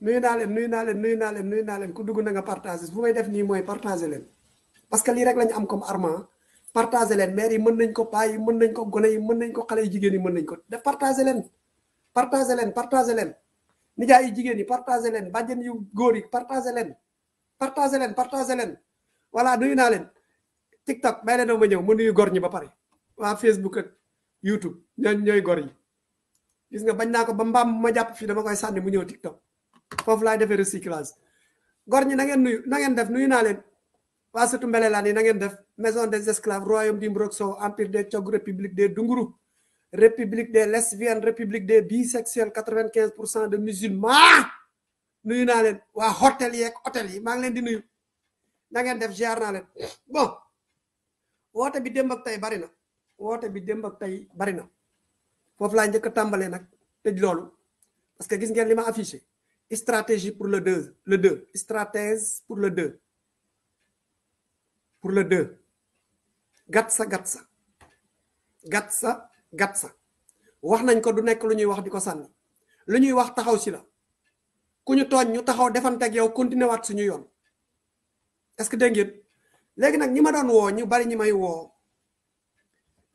nuyu naa leen nuyu naa leen nuyu naa leen nuyu naa leen ku dugg na nga partagé bu may def nii mooy partagé leen parce que lii rek lañu am comme armement partagé leen maire yi mën nañ ko paa yi mën nañ ko gone yi mën ko xale yi jigéen yi mën nañ ko def partagé leen partagé leen partagé leen nijaay yu jigéen yi partagé leen bàjjen yu góor yi partagé leen partagé leen partagé leen voilà nuyu naa leen TikTok may leen ma ñëw ma nuyu gor ñi ba pare waa Facebook ak YouTube ñooñ ñooy gor yi gis nga bañ naa ko ba mbaam ma jàpp fii dama koy sànni mu ñëw TikTok foofu laay defee recyclage gor ñi na ngeen nuyu na ngeen def nuyu naa leen waa surtout mbelelaan yi na ngeen def maison des esclaves royaume du Mbroog Sow empire des Cog république des Dunguru république des lesbiennes république des bisexuels quatre-vingt-quinze pour cent de musulmans nuyu naa leen waa hôtel yeeg hôtel yi maa ngi leen di nuyu na def ziar naa leen bon woote bi démb ak tey bari na woote bi démb ak tey bari na foofu laa njëkk tàmbale nag tëj loolu que gis ngeen li ma affiché stratégie pour le 2, le 2, stratèse pour le 2, pour le 2, gatsa gatsa, gatsa gatsa. wax nañ ko du nek luñuy wax diko ça? Luñuy wax taxaw la ku ñu ñu taxaw yow continuer suñu est-ce que ngeen doon ñu bari wo.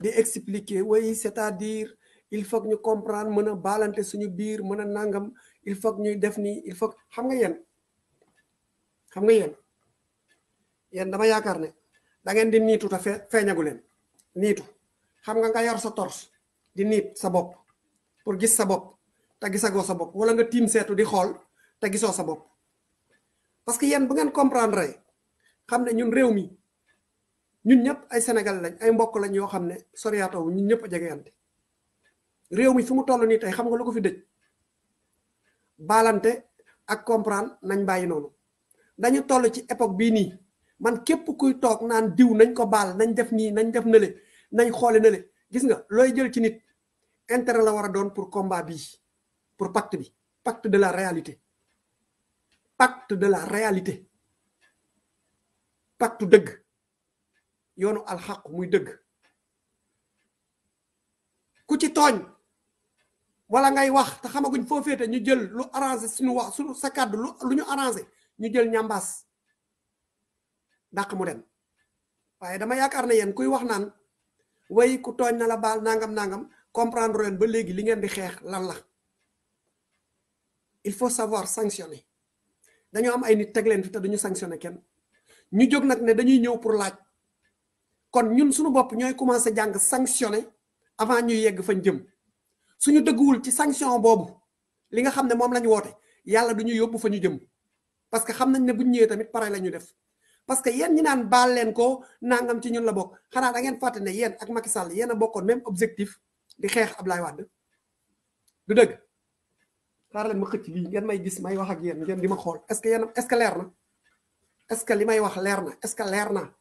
expliquer oui c'est-à-dire il faut que nous comprendre mën nous suñu bir, nous il faut ñuy def ham il faut xam nga yéen xam nga yéen yéen dama yaakaar ne da ngeen di nitu ta feñagu len nitu xam nga nga yor sa tors di nit sa sabop, pour gis sa bopp te gisagoo sa bop wala nga tim setu di xol ta gisoo sa bop parce que yéen bu ngeen comprendre xam ne ñun réew mi ñun ñëpp ay sénégal lañ ay mbokk lañ yoo xam ne ñun ñëpp a jegeyante réew mi mu toll nii tey xam nga lu ko fi dëj baalante ak comprendre nañ bàyyi noonu dañu toll ci époque bii nii man képp kuy toog naan diw nañ ko baal nañ def nii nañ def nële nañ xoole nële gis nga looy jël ci nit intérêt la war a doon pour combat bii pour pacte bi pacte de la réalité pacte de la réalité pacte dëgg yoonu alxaq muy dëgg ku ci tooñ wala ngay wax te xamaguñ foo féete ñu jël lu arrangé suñu wax suñu sa kàddu lu lu ñu arrangé ñu jël ñambaas dàq mu dem waaye dama yaakaar ne yéen kuy wax naan way ku tooñ na la baal nangam nangam comprendre leen ba léegi li ngeen di xeex lan la il faut savoir sanctionner dañoo am ay nit teg leen fi te duñu sanctionner kenn ñu jóg nag ne dañuy ñëw pour laaj kon ñun suñu bopp ñooy commencé jàng sanctionner avant ñuy yegg fañ jëm suñu deggul ci sanction bobu li nga xamne mom moom lañ woote yàlla du ñu fa ñu jëm parce que xamnañ ne buñ ñëwé tamit pare la def parce que yeen ñi naan bal leen ko nangam ci ñun la bok xana da ngeen faté ne yeen ak Macky Sall yeen a bokkon même objectif di xex Abdoulaye Wade du deug xaar leen ma xëc li ngeen may gis may wax ak yeen ngeen dima xol est ce yeen est ce na est ce que li may wax leer na est ce na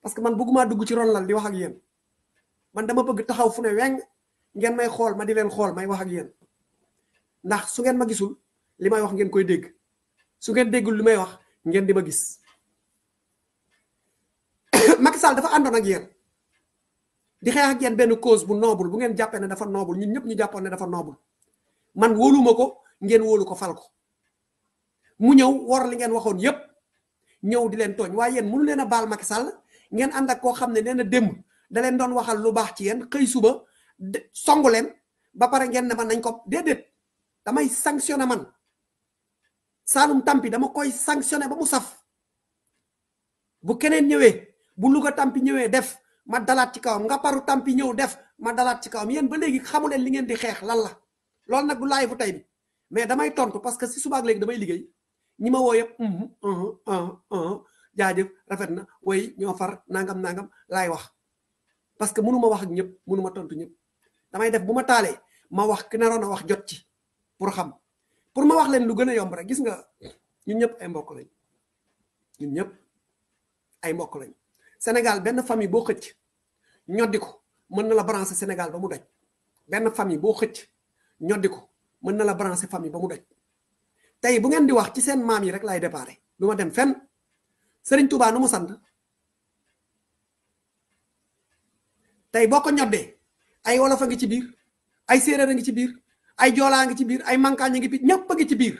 parce que man bëgguma dugg ci ron lal di wax ak yeen man dama bëgg taxaw fu ne weng ngeen may xool ma di leen xool may wax ak yéen ndax su ngeen ma gisul li may wax ngeen koy dégg su ngeen déggul li wax ngeen di ma gis Macky Sall dafa àndoon ak yéen di xeex ak yéen benn cause bu noble bu ngeen jàppee ne dafa noble ñun ñëpp ñu jàppoon ne dafa noble man wóoluma ko ngeen wóolu ko fal ko mu ñëw wor li ngeen waxoon yépp ñëw di leen tooñ waaye yéen mënu leen a baal Macky Sall ngeen ànd ak koo xam ne waxal lu baax ci yéen xëy suba songu leen ba pare ngeen ne nañ ko dedet damay sanctionné man salum tampi dama koy sanctionné ba mu saf bu keneen ñewé bu luga tampi ñewé def ma dalat ci kawam nga paru tampi ñew def ma dalat ci kawam yeen ba legi xamulen li ngeen di xex lan la loolu nak du laay bu bi mais damay tontu parce que si ak legi damay liggéey ñi ma hmm uh-huh, hmm uh-huh, uh-huh, jaajëf rafet na way ñoo far nangam nangam lay wax parce que mënuma wax ak mënuma tontu damay def buma talé ma wax ki naroon a wax jot ci pour xam pour ma wax len lu gëna yomb rek gis nga ñun ñëpp ay mbokk lañ ñun ñëpp ay mbokk lañ Sénégal benn famille bo xëc ñoddi mën na la brancher Sénégal ba mu daj benn famille bo xëc ñoddi mën na la brancher famille ba mu daj tay bu ngeen di wax ci seen mam yi rek lay déparé luma dem fenn Serigne Touba nu mu sant tay boko ko ay wolof ngi ci biir ay séeréer nga ci biir ay joolaa nga ci biir ay mankaañ ngi biir ñëpp ngi ci biir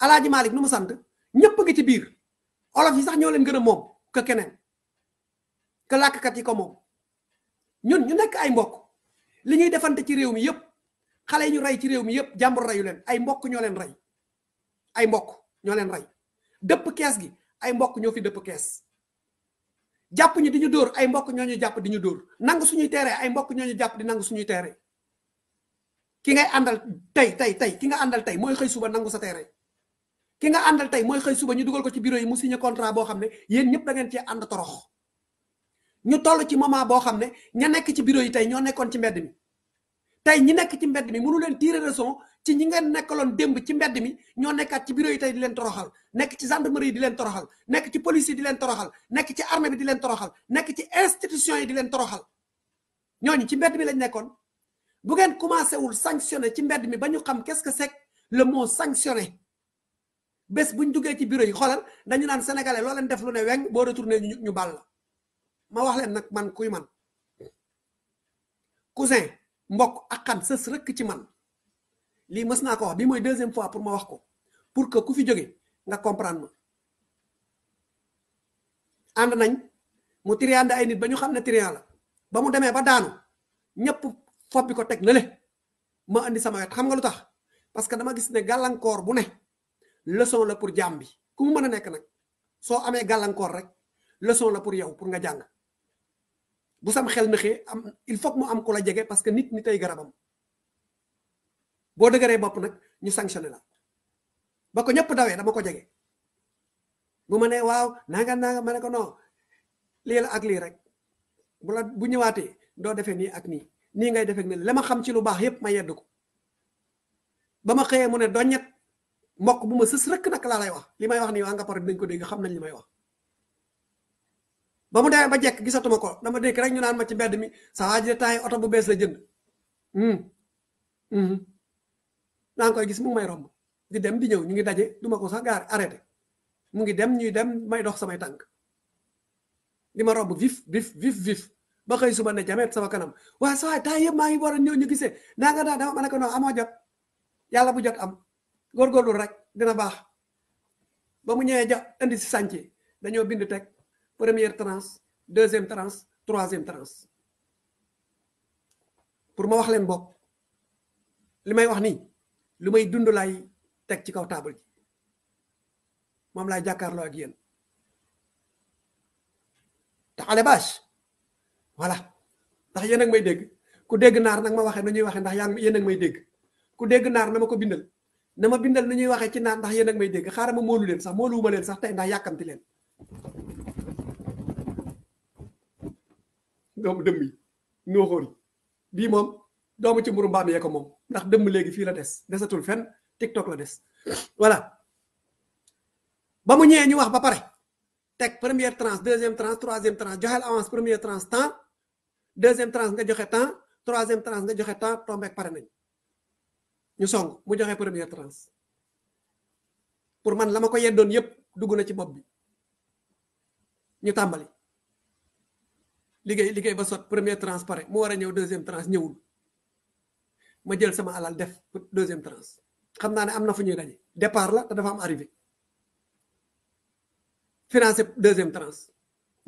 alaaji malik nu mu sant ñëpp ngi ci biir olof yi sax ñoo leen gën a moom que keneen que làkkat yi ko moom ñun ñu nekk ay mbokk li ñuy defante ci réew mi yépp xale ñu rey ci réew mi yépp jàmbur rayu leen ay mbokk ñoo leen rey ay mbokk ñoo leen rey dëpp kees gi ay mbokk ñoo fi dëpp kees japp ñi diñu door ay mbokk ñoo ñu japp diñu door nang suñuy téré ay mbokk ñoo ñu japp di nang suñuy téré ki ngay andal tay tay tay ki nga andal tay moy xey suba nang sa téré ki nga andal tay moy xey suba ñu duggal ko ci bureau yi mu signé contrat bo xamné yeen ñep da ngeen ci and torox ñu tollu ci moment bo xamné ña nekk ci bureau yi tay ñoo nekkon ci mbedd mi tay ñi nekk ci mbedd mi mënu leen tirer raison ci ñi ngeen nekkaloon démb ci mbedd mi ñoo nekkaat ci bureau yi tey di leen toroxal nekk ci gendarmerie di leen toroxal nekk ci police yi di leen toroxal nekk ci armée bi di nekk ci institution yi di leen toroxal ñooñu ci mbedd mi lañ nekkoon bu ngeen commencé wul sanctionné ci mbedd mi ba ñu xam qu'est-ce que c'est le mot sanctionné bes bu ñu duggee ci bureau yi xoolal dañu naan sénégalais loo leen def lu ne weng boo retourné ne ñu bal la ma wax leen nag man kuy man cousin mbokk ak xan sës ci man li mës naa ko wax bi mooy deuxième fois pour ma wax ko pour que ku fi jóge nga comprendre ma ànd nañ mu triande ay nit ba ñu xam ne la ba mu demee ba daanu ñëpp fob bi ko teg na le ma andi sama wet xam nga lu tax parce que dama gis ne gàllankoor bu ne leçon la pour jambi ku mu mën a nekk nag soo amee gàllankoor rek leçon la pour yow pour nga jàng bu sam xel na am il faut que mu am ko la jege parce que nit nitay garabam bo deugere bop nak ñu sanctioner la ba ko ñep dawee dama ko jégué bu mané waw waaw nanga nanga ma ko non li la ak li rek bu la bu ñëwaatee do défé ni ak ni ni ngay défé nii la ma xam ci lu baax yépp ma yedd ko ba ma mu ne doñet mbokk bu ma seus rek nak la lay wax limay wax ni nga par dañ ko dégg xam nañ limay wax ba mu ba jék gisatuma ko dama dégg rek ñu naan ma ci mi sa auto bu la jënd hmm. Hmm nang koy gis mu may romb di dem di ñew ñu ngi daje duma ko sax gar arrêté mu ngi dem ñuy dem may dox samay tank di ma romb vif vif vif vif ba xëy suba ne jamet sama kanam wa sa waay temps ma ngi wara ñew ñu gisé naa nga da dama ma ko jot yalla bu jot am lu rek dina bax ba mu ñewé ja andi ci sànci dañoo bind tek première trans deuxième trans troisième trans pour ma wax len bok limay wax ni lu may dund laay teg ci kaw taabal ji moom laay jàkkaarloo ak yéen te ale bâche ndax yéen ak may dégg ku dégg naar nag ma waxee na waxee ndax yaa yéen ak may dégg ku dégg naar na ma ko bindal na ma bindal na ñuy waxe ci naar ndax yéen ak may dégg xaaral ma moolu leen sax mooluwuma leen sax tey ndax yàkkamti leen doomu dëmm yi nooxóor bii moom doomu ci mburu mbaam yee ko moom ndax dem legi fi la des dessatul fen tiktok la Wala, voilà ba mu ñëwee ñu wax ba paré tek première tranche deuxième tranche troisième tranche joxel avance première tranche temps deuxième tranche nga joxe temps troisième tranche nga joxe temps ak paré nañ ñu song mu joxe première tranche pour man lama ko yeddon yépp dugg na ci bop bi ñu tambali liggéey liggéey ba sot première pare mu war ñëw deuxième trans ñëwul ma jël sama alal def pour deuxième tranche xam naa ne am na fu ñuy daje départ la te dafa am arrivé financé deuxième tranche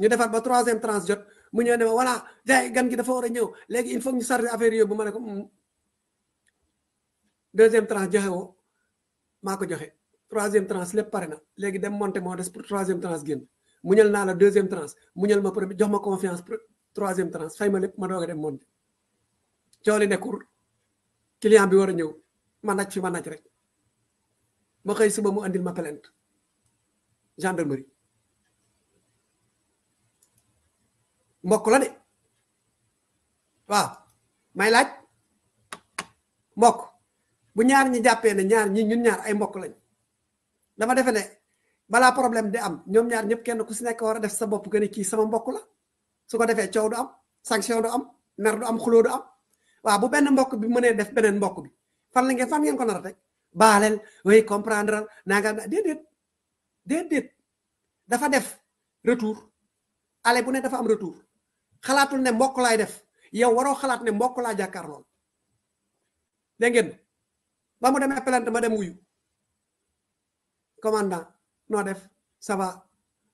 ñu defaat ba troisième tranche jot mu ñëw ne ma voilà gars yi dafa war a ñëw léegi il faut ñu chargé affaire bu ma ne ko hmm. deuxième tranche joxe woo maa ko joxe troisième tranche lépp pare na léegi dem monté moo des pour troisième tranche génn mu ñal naa la deuxième tranche mu ñal ma premier jox ma confiance pour troisième tranche fay ma lépp ma doog a dem monté coow li client bi war a ñëw ma naj fi ma naj rek ma xëy suba mu andil ma plainte gendarmerie mbokk la de waaw may laaj mbokk bu ñaar ñi jàppee ne ñaar ñi ñun ñaar ay mbokk lañ dama defe ne balaa problème di am ñoom ñaar ñëpp kenn ku si nekk war a def sa bopp que ne kii sama mbokk la su ko defee coow du am sanction du am mer du am xuloo du am Wah, bu benn mbokk bi mënee def benen mbokk bi fan la ngeen fan ngeen ko nar rek balel way comprendre na nga dedet dedet dafa def retour ale bu ne dafa am retour khalatul ne mbokk lay def yow waro khalat ne mbokk la jakar lol de ngeen ba mu demé plante ma dem wuyu commandant no def ça va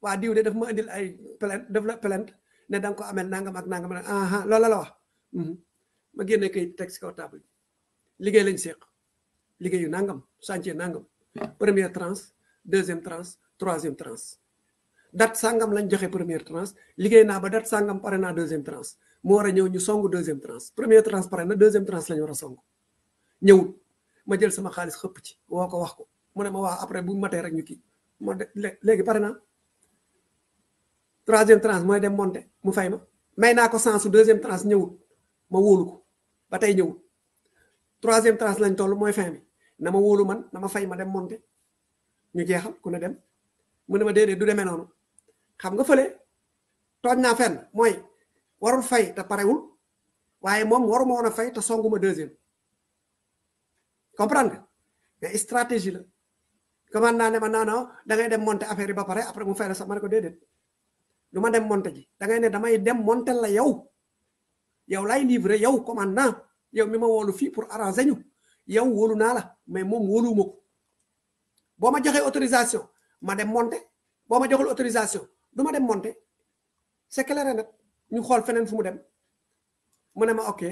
wa diw de def ma andil ay plante def la plante ne dang ko amel nangam ak nangam aha ah, lol la la wax mhm ma génne kayit teg si kaw table bi liggéey lañ séq yu nangam chantier nangam première trans deuxième trans, troisième trans. Dat sangam lañ joxe première trans liggéey naa ba date sangam pare naa deuxième trans, mo war a ñëw ñu song deuxième trans. première trans pare na deuxième trans lañ war a song ñëwut ma jël sama xaalis xëpp ci woo ko wax ko mu ne ma waa après bu matee rek ñu kii ma léegi pare naa troisième trans mooy dem monté mu fay ma may naa ko sensu deuxième trans ñëwut ma wóolu ba tey ñëwul troisième tranche lañ toll mooy fin bi na ma wóolu man na ma fay ma dem monter ñu jeexal ku ne dem mu ne ma déedéet du demee noonu xam nga fële toog naa fenn mooy warul fay te parewul waaye moom waruma woon a fay te songuma deuxième comprendre nga mais stratégie la commande naa ne ma naanoo da dangay dem monter affaire yi ba pare après mu fay la sax ma ne ko dee du ma dem monter ji dangay ne damay dem monter la yow yow lay livrer yow commandant yow mi ma wolu fii pour arranger ñu yow wóolu naa la mais moom wóoluwuma ko boo ma joxee autorisation ma dem monter boo ma joxul autorisation du dem monter c'est clair ñu xool feneen fu mu dem mu ne ma ok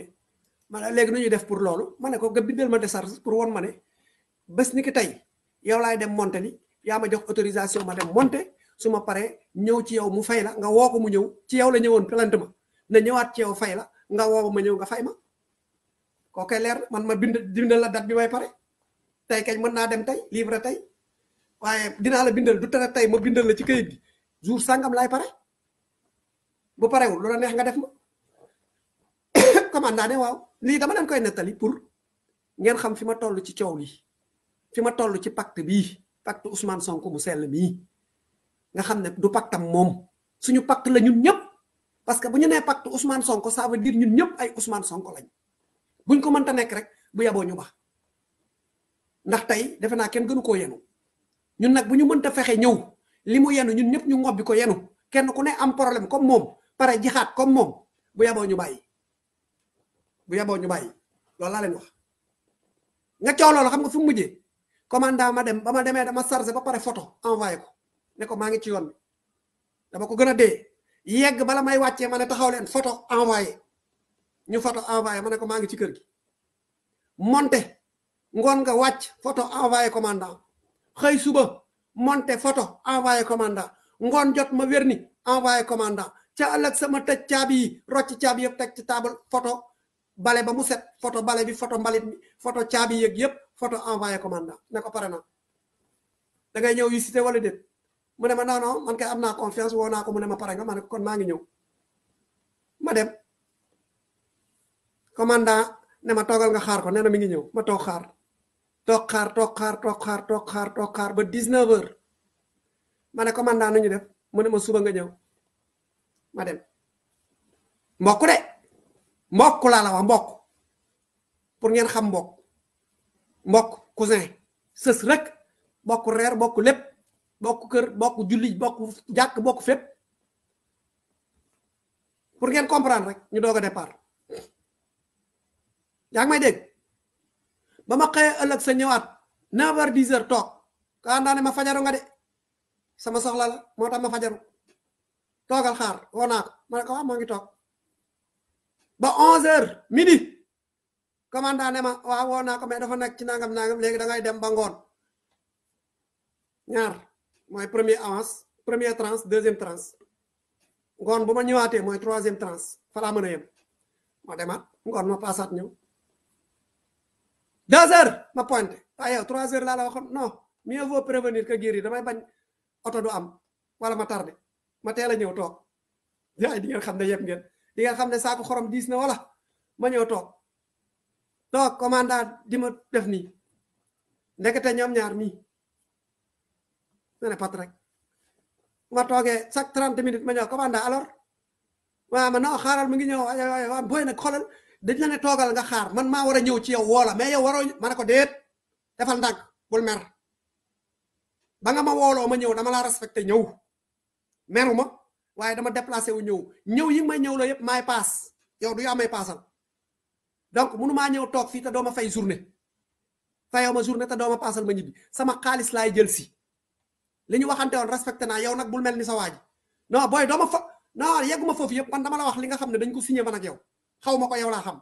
ma ne léegi ñuy def pour loolu ma ne ko nga bindal ma décharge pour won ma ne bés ni ki tey yow laay dem monter ni yaa ma jox autorisation ma dem monter su ma paree ñëw ci yow mu fay la nga woo ko mu ñëw ci yow la ñëwoon plante ma na ñëwaat ci yow fay la. nga woo ma ñëw nga fay ma koo koy leer man ma bind bindal la date bi may pare tey kañ mën naa dem tey livre tey waaye dinaa la bindal du tere tey ma bindal la ci kayit gi jour sangam laay pare bu parewul la neex nga def ma commandant ne waaw lii dama leen koy nettali pour ngeen xam fi ma toll ci coow li fi ma toll ci pacte bii pacte Ousmane Sonko mu sell mii nga xam ne du pactam moom suñu pacte la ñun ñëpp parce que bu ñu nee pacte Ousmane Sonko ça veut dire ñun ñëpp ay Ousmane Sonko lañ buñ ko mënta nekk rek bu yaboo ñu bax ndax tey defe naa kenn gënu koo yenu ñun nag bu ñu mënta fexe ñëw li mu yenu ñun ñëpp ñu ngobbi ko yenu kenn ku ne am problème comme moom pare jixaat comme moom bu yaboo ñu bàyyi bu yaboo ñu bàyyi loolu laa leen wax nga coow loolu xam nga fu mu mujjee commandant ma dem ba ma demee dama chargé ba pare photo envoyé ko ne ko maa ngi ci yoon bi dama ko gën a dee yegg bala may wàccee ma ne taxaw leen photo envoyé ñu photo envoyé ma ne ko maa ngi ci kër gi monte ngoon nga wàcc photo envoyé commandant xëy suba monte photo envoyé commandant ngoon jot ma wér ni envoyé commandant ca ëllëg sama tëj caabi yi rocc caabi yëpp teg ci table photo bale ba mu set photo bale bi photo mbalit mi photo caabi yëg yëpp foto envoyé commandant ne ko pare na da ngay ñëw yu cité wala mu ne ma non non man kay am naa confiance woo naa ko mu ne ma pare nga ma ne ko maa ngi ñëw ma dem commandant ne ma toogal nga xaar ko nee na mi ngi ñëw ma toog xaar toog xaar toog xaar toog xaar toog xaar toog xaar ba 19 heures ma ne commandant nañu def mu ne ma suba nga ñëw ma dem mbokk de mbokku laa la mbokk pour ngeen xam mbokk mbokk cousin sës rek mbokk reer mbokk lépp bokk kër bokk julli bokk jàkk bokk fépp pour ngeen comprendre rek ñu doog a départ ngi may dégg ba ma xëyee ëllëg sa ñëwaat 9 heures 10 heures toog ka andaa ne ma fajaru nga de sama soxlal la moo tax ma fajaru toogal xaar woo naa ko ma ne ko moo ngi toog ba 11 heures midi commandant ne ma waaw woo naa ko mais dafa nekk ci nangam nangam léegi dangay dem ba ngoon ñaar moy premier avance premier trans deuxième trans ngon buma ñëwaaté moy troisième trans fa la mëna yëm ma démat ngon ma passat ñëw deux heures ma pointé ah yow trois heures la la waxon non mieux vaut prévenir que guérir damay bañ auto du am wala ma tardé ma teel a ñëw tok jaay di nga xam ne yëpp ngeen di nga xam ne saako xorom diis na wala ma ñëw tok tok commandant di ma def ni nekata ñom ñaar mi ne pat rek nga toge sak 30 minutes ma ñëw ko banda alor wa ma no xaaral mu ngi ay waa boy na xoolal dañ la ne togal nga xaar man ma wara ñew ci yow wola mais yow waro ma ko deet defal ndànk bul mer ba nga ma wolo ma ñew dama la respecté ñew meruma ma dama déplacer wu ñew ñew yi ma ñew la yep may pass yow du yaa may passal donc munu maa ñëw toog fi ta doo ma fay journée fayoo ma journée ta do ma passal ma ñibi sama xaalis lay jël si li ñu waxante woon respecté naa yow nag bul mel ni sa waa ji non booy dooma fa non yegguma foofu yëpp man dama la wax li nga xam ne dañ ko signé man ak yow xaw ma ko yow laa xam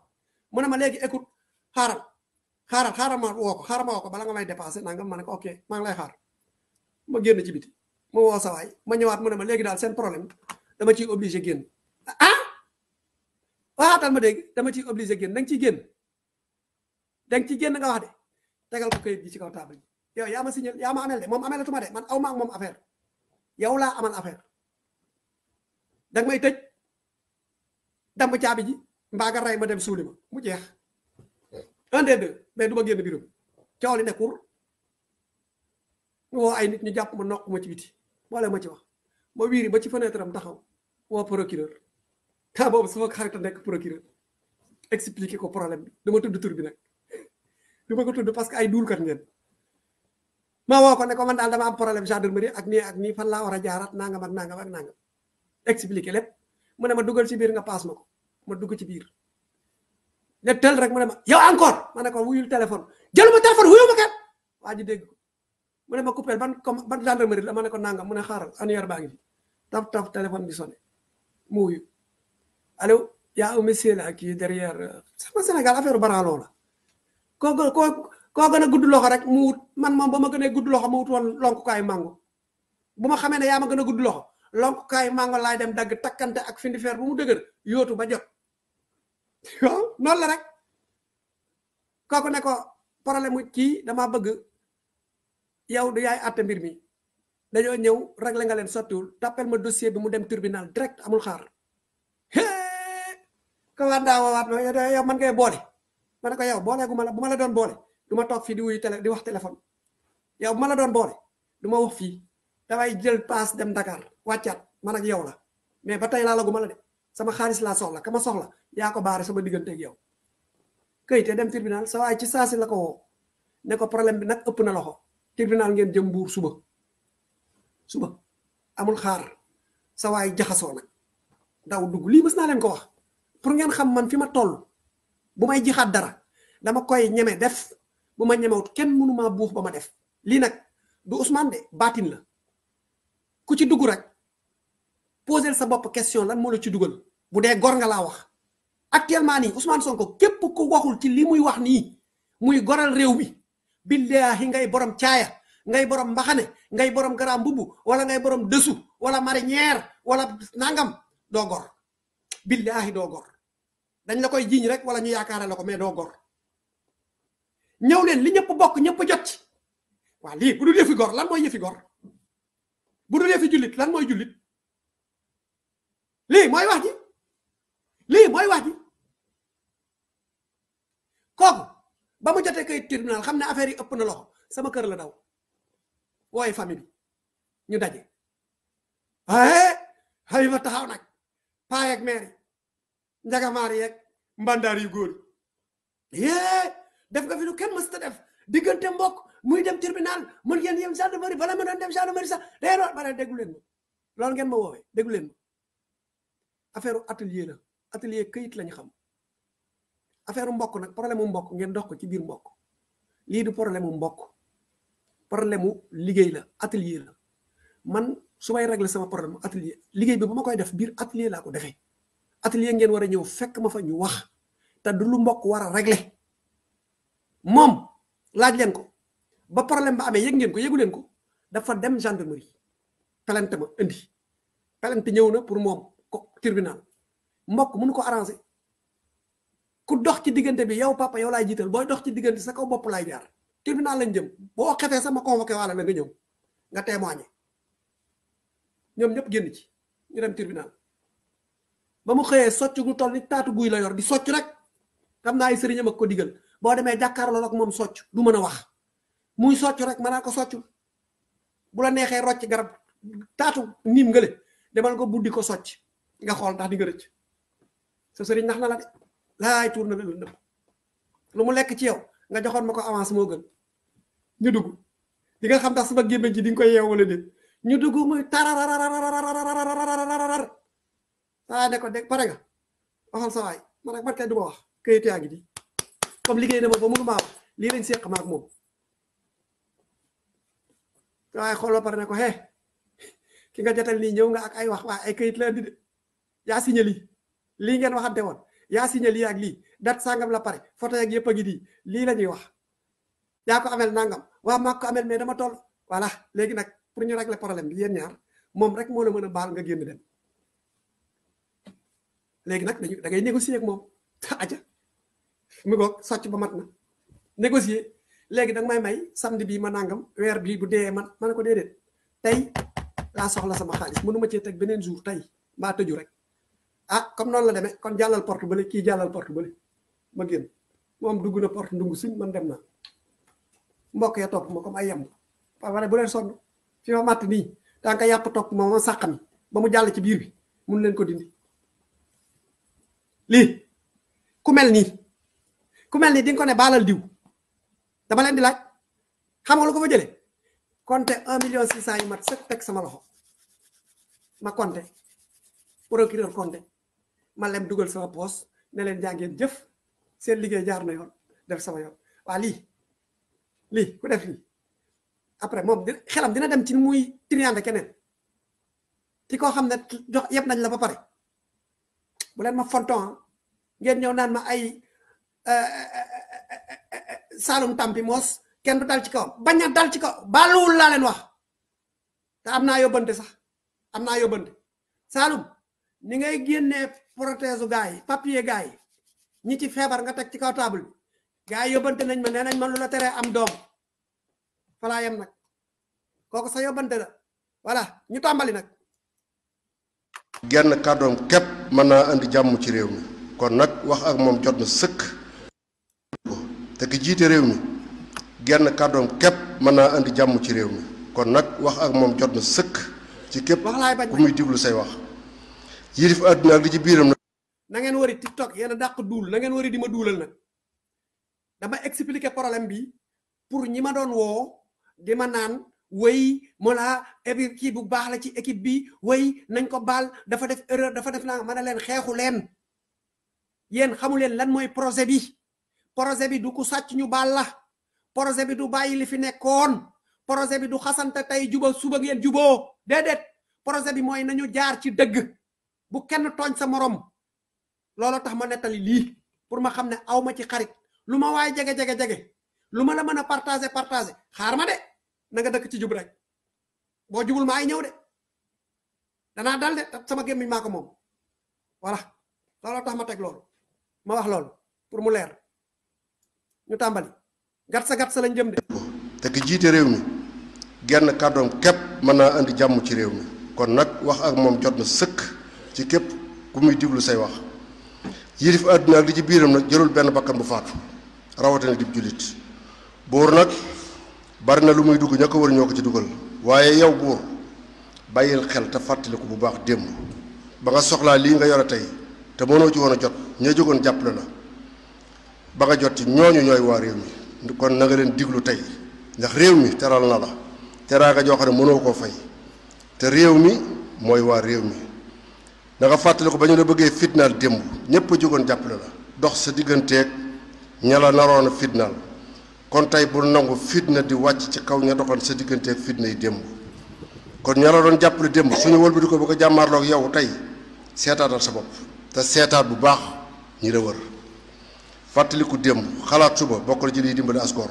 mu ne ma léegi écoute xaaral xaaral xaaral ma woo ko xaaral ma ko bala nga may dépassé nangam ma ne ko ok maa ngi lay xaar ma génn ci biti ma woo sa ma ñëwaat mu ne ma léegi daal seen problème dama ciy obligé génn ah waxaatal ma dégg dama ciy obligé génn da nga ciy génn da nga ciy nga wax de tegal ko kayit gi ci kaw table bi yow yaa ma signal yaa amel de moom amelatuma de man aw ma ak moom affaire yow ya laa amal affaire dang may tëj damb caabi ji mbaa ray rey ma dem suuli ma mu jeex un des deux mais du ma génn biiram coow li nekkul woo ay nit ñu jàpp ma noq ma ci biti boole ma ci wax ma wiiri ba ci fenêtre am taxaw woo procureur temps boobu su ma xarita procureur expliquer ko problème bi dama tudd tur bi nak du ko tuddu parce que ay dul kat ngeen ma woo ko ne ko man dal dama am problème gendarmerie ak ni ak ni fan laa war a jaaraat nangam ak nangam ak nangam expliquer lepp mu ne ma duggal ci biir nga paas mako ko ma dugg ci biir ne tel rek mu ne ma yow encore ma ne ko wuyul téléphone jël ma téléphone wuyu ma kenn waa dégg mu ne ma couper ban ban gendarmerie la ma ne ko nangam mu ne xaaral annuaire baa ngi fi taf taf téléphone bi sonné mu wuyu allo ya o monsieur là qui est derrière sama Sénégal affaire baran loola ko ko ko gëna gudd loxo rek mu wut man mom bama gëna gudd loxo mu wut won lonku kay mango buma xamé né yaama gëna gudd loxo lonku kay mango lay dem dag takante ak findi fer bu mu dëgër yotu ba jot non la rek koku ne ko problème ki dama bëgg yow du yaay atté mbir mi satu, ñëw réglé nga leen sotul tapel ma dossier bi mu dem tribunal direct amul xaar ko wanda waat yow ya, ya, ya, man ngay boole man ko yow boole guma la buma la don boole duma tok fi di wuy tele di wax telephone yow mala don doon duma wax da damay jël pass dem dakar waccat man ak er yow la mais ba tay la la sama xaliss la soxla kama soxla ya ko kan baare sama ak yow këyite dem tribunal sa way ci sasi la ko wo ne ko problème bi nak ëpp na loxo tribunal ngeen jëm mbuur suba suba amul xaar sa way jaxaso nak daw dug li mës naa leen ko wax pour ngeen xam man fi toll bu may dara dama koy ñëmé def buma ma ñemewut kenn mënuma buux ba ma def li nak du Ousmane de batin la ku ci dugg rek poser sa bop question lan mo la ci duggal bu dé gor nga la wax actuellement ni Ousmane Sonko képp ku waxul ci li muy wax ni muy goral rew bi billahi ngay borom tiaya ngay borom mbaxane ngay borom garam bubu wala ngay borom desu wala marinière wala nangam dogor. gor billahi do gor dañ la koy jiñ rek wala ñu yaakaare lako mais do gor ñëw leen li ñëpp bokk ñëpp jot waa lii bu dul yëfi gor lan mooy yëfi gor bu dul yëfi jullit lan mooy jullit lii mooy wax ji lii mooy wax ji kooku ba mu jotee kay tribunal xam ne affaire yi ëpp na loxo sama kër la daw wooye famille bi ñu daje ae fa taxaw nag paayeeg maire yi njagamaar yeeg mbandaar yu góor yi def nga fi lu kenn mësta def diggante mbokk muy dem tribunal mën ngeen yem gendarmerie bala mana doon dem gendarmerie sax day ro bala déglu len lool ngeen ma wowe déglu len affaire atelier la atelier keuyit lañ xam affaire mbokk nak problème mbokk ngeen dox ci bir mbokk li du problème mbokk problème la atelier la man su may régler sama problème atelier liggéey bi bu koy def bir atelier la ko atelier ngeen wara ñew fekk ma fa ñu wax ta du lu mbokk wara régler moom laaj leen ko ba problème ba amee yëg ngeen ko yëgu leen ko dafa dem gendarmerie plainte ma indi plainte ñëw na pour moom ko tribunal mbokk mënu ko arrangé ku dox ci diggante bi yow papa yow laay jiital booy dox ci diggante sa kaw bopp laay jaar tribunal lañ jëm boo xefee sama convoqué waala la nga ñëw nga témoigné ñoom ñëpp génn ci ñu dem tribunal ba mu xëyee socc gu toll ni taatu guy la yor di socc rek xam naa ay sëriñam ak ko digal boo jakar jàkkaarloo ak mom soccu du mëna wax muy soccu rek mën ko socc bu la nexé rocc garab taatu nim ngële demal ko buddi ko socc nga xol tax di nga rëcc sa serigne nax na la lay laay tuur na lu mu lek ci yow nga joxon mako avance mo gën ñu dugg di nga xam tax sama ci di ngoy wala ñu dugg muy comme liggéey na ma ba ma sih wax lii lañ seq maak moom waaye ba ko he ki nga jotal nii ñëw nga ak ay wax waa ay kayit la andi de yaa signé li lii sangam la pare photo yeeg yëpp a di amel nangam wah mak ko amel mais dama toll voilà nak nak pour ñu régler problème bi yéen ñaar moom rek moo la mën Lagi nak, nga ini dem léegi nag dañu da aja mu goog socc ba mat na négocier léegi danga may may samedi bii ma nangam weer bii bu dee man ma ne ko déedéet tey laa soxla sama xaalis mënuma cee teg beneen jour tey maa tëju rek ah comme noonu la demee kon jàllal porte bële kii jàllal porte bële ma génn moom dugg na porte ndungu suñ man dem na mbokk ya topp ma comme ay yemb parce que bu leen sonn fi ma matt nii tànka yàpp topp ma ma sàq ba mu jàll ci biir bi mun leen ko dindi lii ku mel nii ku mel nii di ko ne baalal diw dama leen di laaj xam nga lu ko fa jëlee compter un million six cent yu mat sëkk teg sama loxo ma compter procureur compter ma leen dugal sama poos ne leen jàngeen jëf seen liggéey jaar na yoon def sama yoon waa lii lii ku def lii après moom xelam dina dem ci muy triande keneen ti koo xam ne jox yëpp nañ la ba pare bu leen ma fonton ngeen ñëw naan ma ay Saalum Tampimos kenn du dal ci kaw bañ a dal ci kaw baaluwul laa leen wax te am naa yóbbante sax am naa yóbbante Saalum ni ngay génnee protège gaa yi papier gaa yi ñi ci feebar nga teg ci kaw table bi gaa yi yóbbante nañ ma nee nañ ma lu la teree am doom falaa yem nag kooku sa yóbbante la voilà ñu tàmbali nag. genn kàddoom képp mën naa indi jàmm ci réew mi kon nag wax ak moom jot na sëkk. te ki jité réew mi genn kàddoom képp mën naa andi jàmm ci réew mi kon nag wax ak moom jot na sëkk ci képp ku muy diglu say wax àdduna li ci biiram na na ngeen wari tiktok yéen a dàq duul na ngeen wari di ma duulal nag dama expliquer problème bi pour ñi doon woo di ma way mola ebi ki bu baax la ci équipe bi way nañ ko baal dafa def erreur dafa def naa ma ne leen xeexu leen yéen lan mooy projet bi projet bi du ko sacc ñu balla projet bi du bayyi li fi nekkon projet bi du xassante tay juba suba ngeen jubo dedet projet bi moy nañu jaar ci deug bu kenn togn sa morom lolo tax ma netali li pour ma xamne ne ci xarit luma way waay jege jege luma la mën partager partager xaar ma de na nga dëkk ci jub rek bo jubul de danaa dal de sama gemmi mako mom wala lolo, tax ma tek lolo ma wax lolo pour mu leer ñu tambali gat sa gat sa lañ jëm de te ki jité réew mi genn kàddoom képp mën naa andi jàmm ci réew mi kon nag wax ak moom jot na sëkk ci képp ku muy diglu say wax yilif àdduna ak li ci biiram nag jëlul benn bakkan bu faatu rawatina dib julit buur nag bari na lu muy dugg ñaka war ñoo ko ci dugal waaye yow buur bàyyil xel te fàttaliku bu baax démb ba nga soxlaa lii nga yore tey te mënoo ci woon a jot ña jógoon jàppale la ba nga jot ci ñooñu ñooy waa réew mi kon na nga leen diglu tey ndax réew mi teral na la teraanga joo xam ne mënoo koo fay te réew mi mooy waa réew mi da fàttali ko ba ñu la bëggee fitnaal démb ñépp a jógoon jàppale la dox sa digganteeg ña la naroon fitnaal kon tey bu nangu fitna di wàcc ci kaw ña doxoon sa digganteeg fitna yi démb kon ña la doon jàppale démb suñu wëlbati ko bu ko jàmmaarloog yow tey seetaatal sa bopp te seetaat bu baax ñi la wër fàttaliku démb xalaat suba bokk na ci liy dimbali askor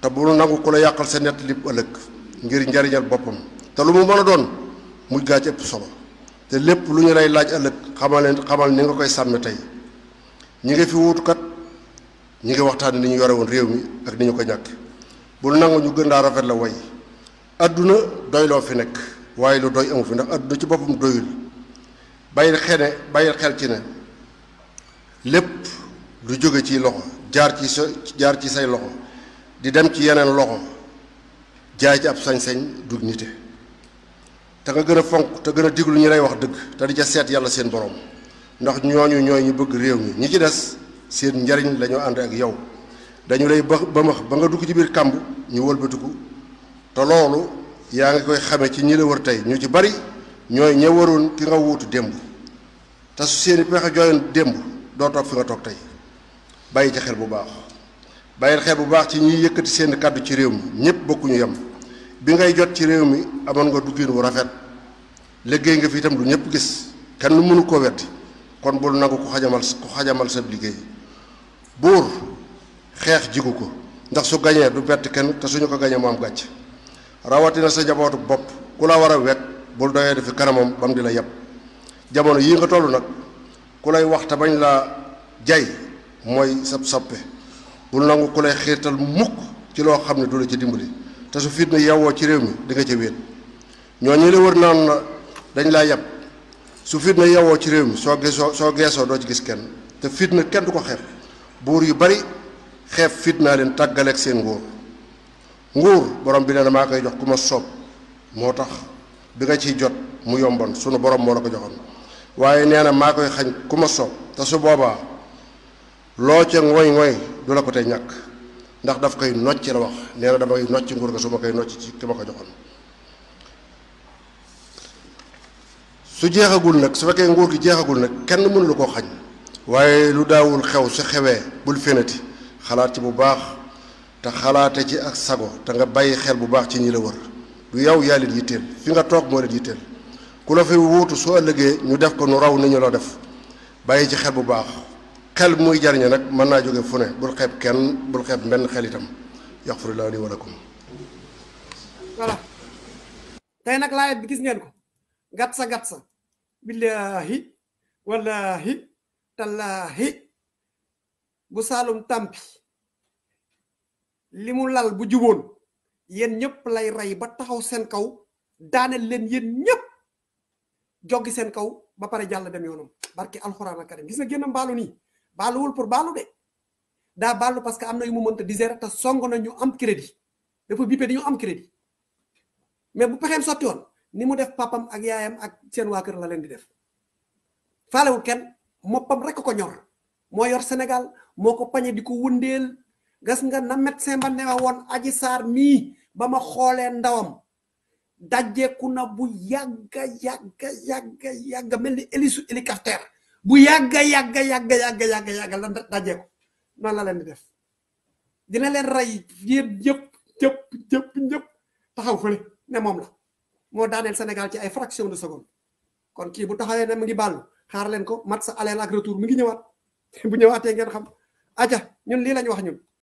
te bu nu nangu ku la yàqal sa nett ëllëg ngir njariñal boppam te lu mu mën a doon mujj gaa ci ëpp solo te lépp lu ñu lay laaj ëllëg xamal leen xamal ni nga koy sàmm tey ñi nga fi wuutukat ñi ngi waxtaane ni ñu yore woon réew mi ak ni ñu ko ñàkk bul nangu ñu gën daa rafet la way adduna doyloo fi nekk waaye lu doy amu fi ndax adduna ci boppam doyul bàyyil xene bàyyil xel ci ne lépp du joge ci loxo jaar ci jaar ci say loxo di dem ci yenen loxo jaay ci ab sañ-sañ du nité ta nga gëna fonk ta gëna diglu ñi lay wax dëgg ta di ca sét yalla seen borom ndax ñoñu ñoy ñu bëgg réew mi ñi ci dess seen njariñ lañu and ak yow dañu lay ba ma ba nga dugg ci biir kàmb ñu wëlbatiku ta loolu yaa ngi koy xamé ci ñi la wër tey ñu ci bari ñoy ñe waroon ki nga wootu démb ta su seen pexe joyon démb doo toog fi nga toog tey bàyyi ci xel bu baax bàyyi xel bu baax ci ñuy yëkkati seen kàddu ci réew mi ñëpp bokkuñu yem bi ngay jot ci réew mi amoon nga duggin wu rafet liggéey nga fi itam du ñëpp gis kenn mënu koo weddi kon bul nangu ku xajamal ku xajamal sa liggéey buur xeex jigu ko ndax su gañee du bett kenn te suñu ko gañee mu am gàcc rawatina sa jabootu bopp ku la war a wet bul doyee fi kanamam ba mu di la yeb jamono yii nga toll nag ku lay wax te bañ laa jay mooy sab soppe bu nangu ku lay xeetal mukk ci loo xam ne du la ci dimbali te su fitna yawoo ci réew mi di nga ca wéet ñoo ñu la wër naan na dañ laa yab su fitna yawoo ci réew mi soo gisoo soo geesoo doo ci gis kenn te fitna kenn du ko xeeb buur yu bari xeeb fitnaa leen tàggaleeg seen nguur nguur borom bi nee na maa koy jox ku ma soob moo tax bi nga ciy jot mu yomboon sunu borom moo la ko joxoon waaye nee na maa koy xañ ku ma soob te su boobaa loo ca ngoy ngoy du la ko tey ñàkk ndax daf koy nocc la wax nee na dama koy nocc nguur ga su ma ci ki ko joxoon su jeexagul nag su fekkee nguur gi jeexagul nag kenn mënula koo xañ waaye lu daawul xew su xewee bul fénati xalaat ci bu baax te xalaate ci ak sago te nga bàyyi xel bu baax ci ñi la wër du yow yàlla leen yitteel fi nga toog moo leen yitteel ku la fi wuutu soo ëllëgee ñu def ko nu raw ni ñu la def bàyyi ci xel bu baax xel muy jariñe nag mën naa jóge fu ne bul xeeb kenn bul xeeb mbenn xel itam yaxfirullahu li wa lakum voilà tey nag laayet bi gis ngeen ko gat sa gat sa billaahi wallaahi tallaahi bu saalum tàmpi li mu lal bu juboon yéen ñëpp lay rey ba taxaw seen kaw daaneel leen yéen ñëpp joggi seen kaw ba pare jàll dem yoonam barki alxuraan al karim gis nga génn mbaalu nii baaluwul pour baalu de daa baalu parce que am na yu mu mënta digérer te song na ñu am crédit dafa bippe ñu am crédit mais bu pexeem sotti woon ni mu def papam ak yaayam ak seen waa kër la leen di def faalewul kenn moppam rek ko ñor moo yor Sénégal moo ko pañe di ko wëndeel gas nga na médecin ba ne woon aji saar mii ba ma xoolee ndawam dajeeku na bu yàgga yàgga yàgga yàgga mel ni hélice hélicoptère bu yagga yagga yagga yagga yagga yagga lan daje ko noonu la len def dina len ray yeb yeb yeb yeb yeb taxaw fële ne mom la mo daanel Sénégal ci ay fraction de seconde kon ki bu taxawé ne mu ngi bàllu xaar len ko mat sa ak retour mu ngi ñëwaat bu ñëwaaté ngeen xam aja ñun li lañ wax ñun